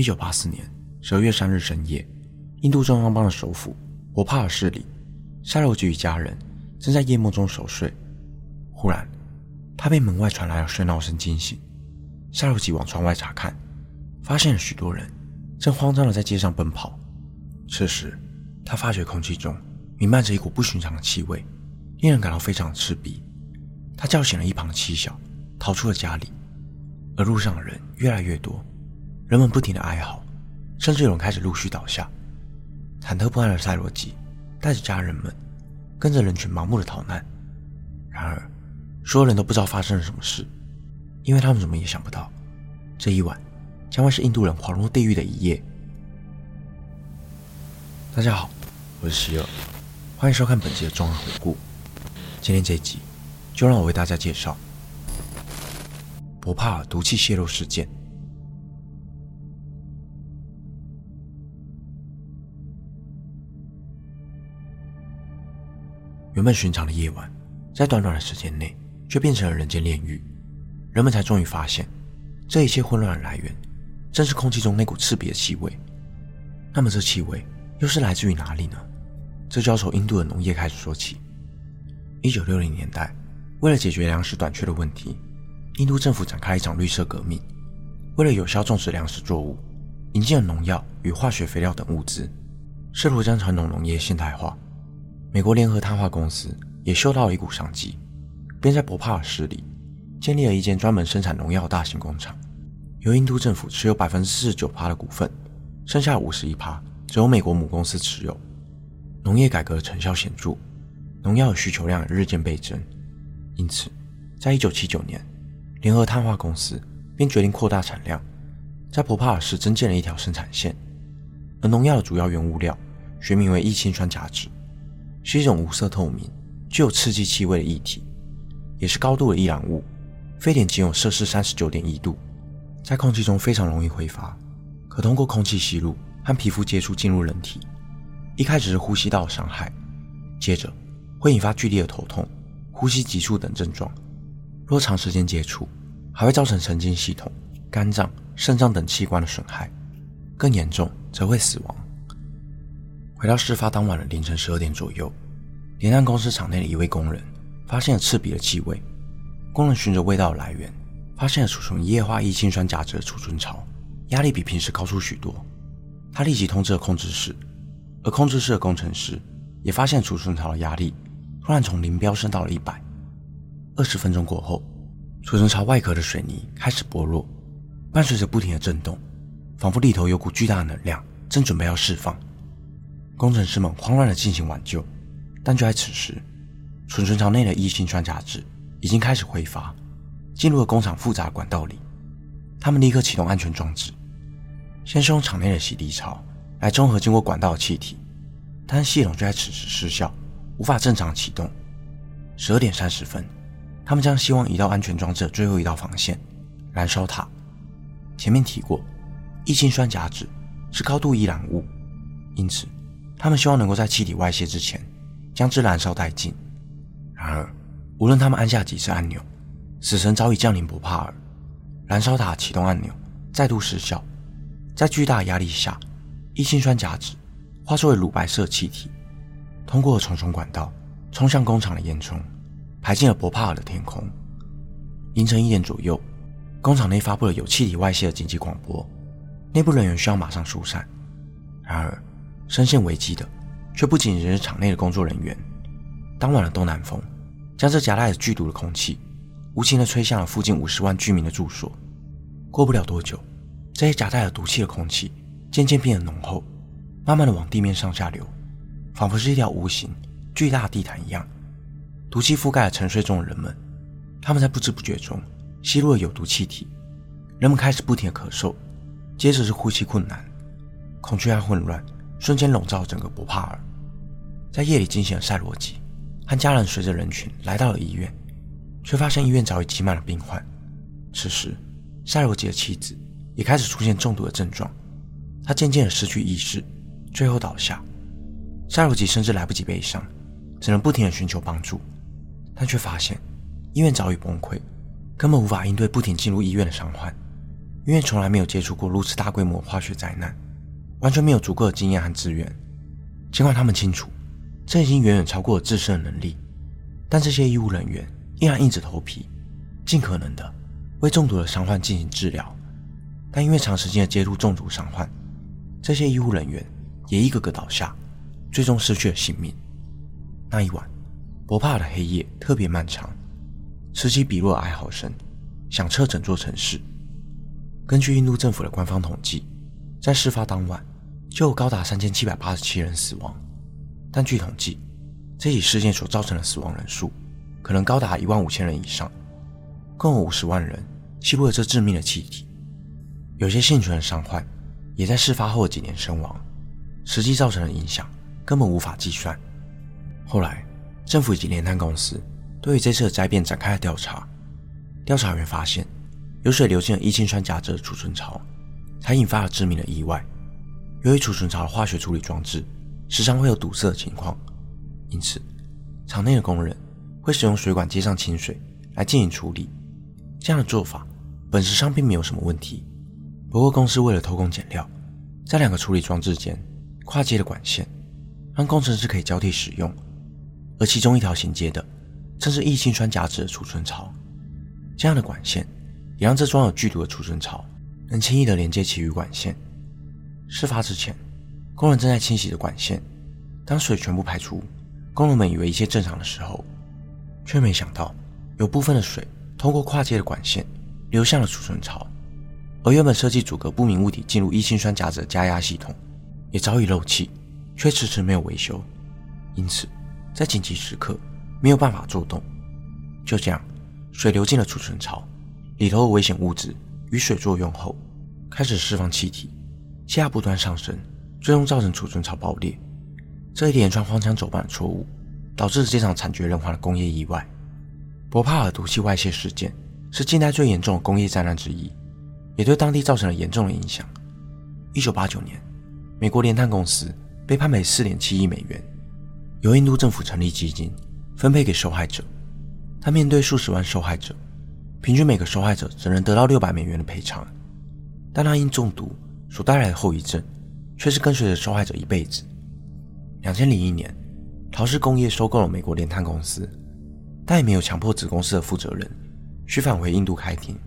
一九八四年十二月三日深夜，印度中央邦的首府博帕爾市裡，賽羅吉與家人正在夜夢中熟睡。忽然，他被門外傳來的喧鬧聲驚醒。賽羅吉往窗外查看，發現了許多人正慌張的在街上奔跑。此時，他發覺空氣中瀰漫着一股不尋常的氣味，令人感到非常的刺鼻。他叫醒了一旁的妻小，逃出了家裡。而路上的人越來越多。人們不停地哀嚎，甚至有人開始陸續倒下。忐忑不安的賽羅吉帶着家人們，跟着人群盲目的逃難。然而，所有人都不知道發生了什麼事，因為他們怎麼也想不到，這一晚將會是印度人恍若地獄的一夜。大家好，我是希爾，歡迎收看本期的《重案回顧》。今天這一集，就讓我為大家介紹博帕爾毒氣洩漏事件。原本尋常的夜晚，在短短的時間內，卻變成了人間煉獄。人們才終於發現，這一切混亂的來源，正是空氣中那股刺鼻的氣味。那麼，這氣味又是來自於哪裡呢？這就要從印度的農業開始說起。一九六零年代，為了解決糧食短缺的問題，印度政府展開一場綠色革命。為了有效種植糧食作物，引進了農藥與化學肥料等物資，試圖將傳統農業現代化。美國聯合碳化公司也嗅到了一股商機，便在博帕爾市裡建立了一間專門生產農藥的大型工廠。由印度政府持有百分之四十九趴的股份，剩下五十一趴則由美國母公司持有。農業改革成效顯著，農藥的需求量也日漸倍增。因此，在一九七九年，聯合碳化公司便決定擴大產量，在博帕爾市增建了一條生產線。而農藥的主要原物料，學名為異氰酸甲酯。是一種無色透明、具有刺激氣味的液體，也是高度的易燃物。沸點僅有攝氏三十九點一度，在空氣中非常容易揮發，可通過空氣吸入和皮膚接觸進入人體。一開始是呼吸道的傷害，接着會引发劇烈的頭痛、呼吸急促等症狀。若長時間接觸，還會造成神經系統、肝臟、腎臟等器官的損害，更嚴重則會死亡。回到事發當晚的凌晨十二點左右，聯碳公司廠內的一位工人發現了刺鼻的氣味。工人循着味道的來源，發現了儲存液化異氰酸甲酯的儲存槽，壓力比平時高出許多。他立即通知了控制室，而控制室的工程師也發現儲存槽的壓力突然從零飆升到了一百。二十分鐘過後，儲存槽外殼的水泥開始剝落，伴隨着不停的震動，仿佛裡頭有股巨大的能量正準備要釋放。工程師們慌亂地進行挽救，但就在此時，儲存槽內的異氰酸甲酯已經開始揮發，進入了工廠複雜的管道裡。他們立刻啟動安全裝置，先是用廠內的洗滌槽來中和經過管道的氣體，但系統就在此時失效，無法正常啟動。十二點三十分，他們將希望移到安全裝置的最後一道防線——燃燒塔。前面提過，異氰酸甲酯是高度易燃物，因此，他們希望能夠在氣體外泄之前將之燃燒殆盡。然而，無論他們按下幾次按鈕，死神早已降臨博帕爾。燃燒塔啟動按鈕再度失效，在巨大壓力下，異氰酸甲酯化作為乳白色氣體，通過重重管道衝向工廠的煙囪，排進了博帕爾的天空。凌晨一點左右，工廠內發布了有氣體外泄的緊急廣播，內部人員需要馬上疏散。然而，深陷危機的，卻不僅僅是場內的工作人員。當晚的東南風，將這夾帶着劇毒的空氣，無情的吹向了附近五十萬居民的住所。過不了多久，這些夾帶着毒氣的空氣，漸漸變得濃厚，慢慢的往地面上下流，仿佛是一條無形、巨大的地毯一樣。毒氣覆蓋了沉睡中的人們，他們在不知不覺中吸入了有毒氣體。人們開始不停的咳嗽，接着是呼吸困難、恐懼和混亂。瞬間籠罩了整個博帕爾，在夜裡驚醒了賽羅吉和家人，隨着人群來到了醫院，卻發現醫院早已擠滿了病患。此時，賽羅吉的妻子也開始出現中毒的症狀，他漸漸地失去意識，最後倒下。賽羅吉甚至來不及悲傷，只能不停地尋求幫助，但卻發現醫院早已崩潰，根本無法應對不停進入醫院的傷患。醫院從來沒有接觸過如此大規模的化學災難。完全沒有足夠的經驗和資源，儘管他們清楚這已經遠遠超過了自身的能力，但這些醫務人員依然硬着頭皮，盡可能的為中毒的傷患進行治療。但因為長時間的接觸中毒傷患，這些醫務人員也一個個倒下，最終失去了性命。那一晚，博帕爾的黑夜特別漫長，此起彼落的哀嚎聲響徹整座城市。根據印度政府的官方統計，在事發當晚，就高達三千七百八十七人死亡，但據統計，這起事件所造成的死亡人數可能高達一萬五千人以上，共有五十萬人吸入了這致命的氣體，有些倖存的傷患也在事發後的幾年身亡，實際造成的影響根本無法計算。後來，政府以及聯碳公司對於這次的災變展開了調查，調查員發現，有水流進了異氰酸甲酯儲存槽，才引發了致命的意外。由於儲存槽的化學處理裝置時常會有堵塞的情況，因此廠內的工人會使用水管接上清水來進行處理。這樣的做法本質上並沒有什麼問題，不過公司為了偷工減料，在兩個處理裝置間跨接的管線，讓工程師可以交替使用。而其中一條銜接的正是異氰酸甲酯的儲存槽，這樣的管線也讓這裝有劇毒的儲存槽能輕易的連接其餘管線。事發之前，工人正在清洗着管線。當水全部排出，工人們以為一切正常的時候，卻沒想到有部分的水通過跨界的管線流向了儲存槽。而原本設計阻隔不明物體進入異氰酸甲酯的加壓系統，也早已漏氣，卻遲遲沒有維修，因此在緊急時刻沒有辦法作動。就這樣，水流進了儲存槽，裡頭的危險物質與水作用後，開始釋放氣體。氣壓不斷上升，最終造成儲存槽爆裂。這一連串荒，荒腔走板的錯誤，導致了這場慘絕人寰的工業意外。博帕爾毒氣外泄事件是近代最嚴重的工業災難之一，也對當地造成了嚴重的影響。一九八九年，美國聯碳公司被判賠四點七億美元，由印度政府成立基金，分配給受害者。他面對數十萬受害者，平均每個受害者只能得到六百美元的賠償。但他因中毒。所帶來的後遺症，卻是跟隨着受害者一輩子。兩千零一年，陶氏工業收購了美國聯碳公司，但也沒有強迫子公司的負責人需返回印度開庭。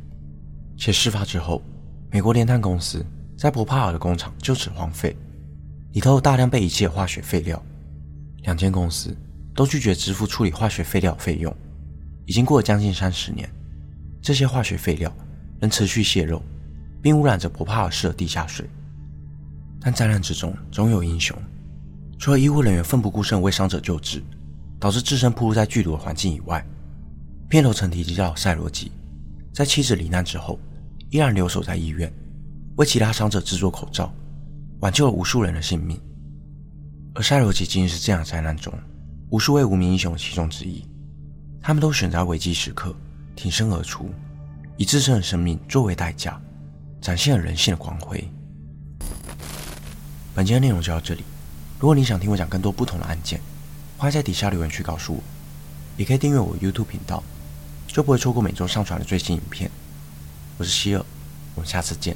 且事發之後，美國聯碳公司在博帕爾的工廠就此荒廢，裡頭有大量被遺棄的化學廢料。兩間公司都拒絕支付處理化學廢料的費用。已經過了將近三十年，這些化學廢料仍持續泄漏。並污染着博帕爾市的地下水。但災難之中總有英雄，除了醫務人員奮不顧身為傷者救治，導致自身暴露在劇毒的環境以外，片頭曾提及到賽羅吉，在妻子罹難之後，依然留守在醫院，為其他傷者制作口罩，挽救了無數人的性命。而賽羅吉僅僅是這場災難中無數位無名英雄其中之一，他們都選擇在危機時刻挺身而出，以自身的生命作為代價。展現了人性的光輝。本期的內容就到這裡。如果你想聽我講更多不同的案件，歡迎在底下留言區告訴我，也可以訂閱我 YouTube 頻道，就不會錯過每周上傳的最新影片。我是希爾，我們下次見。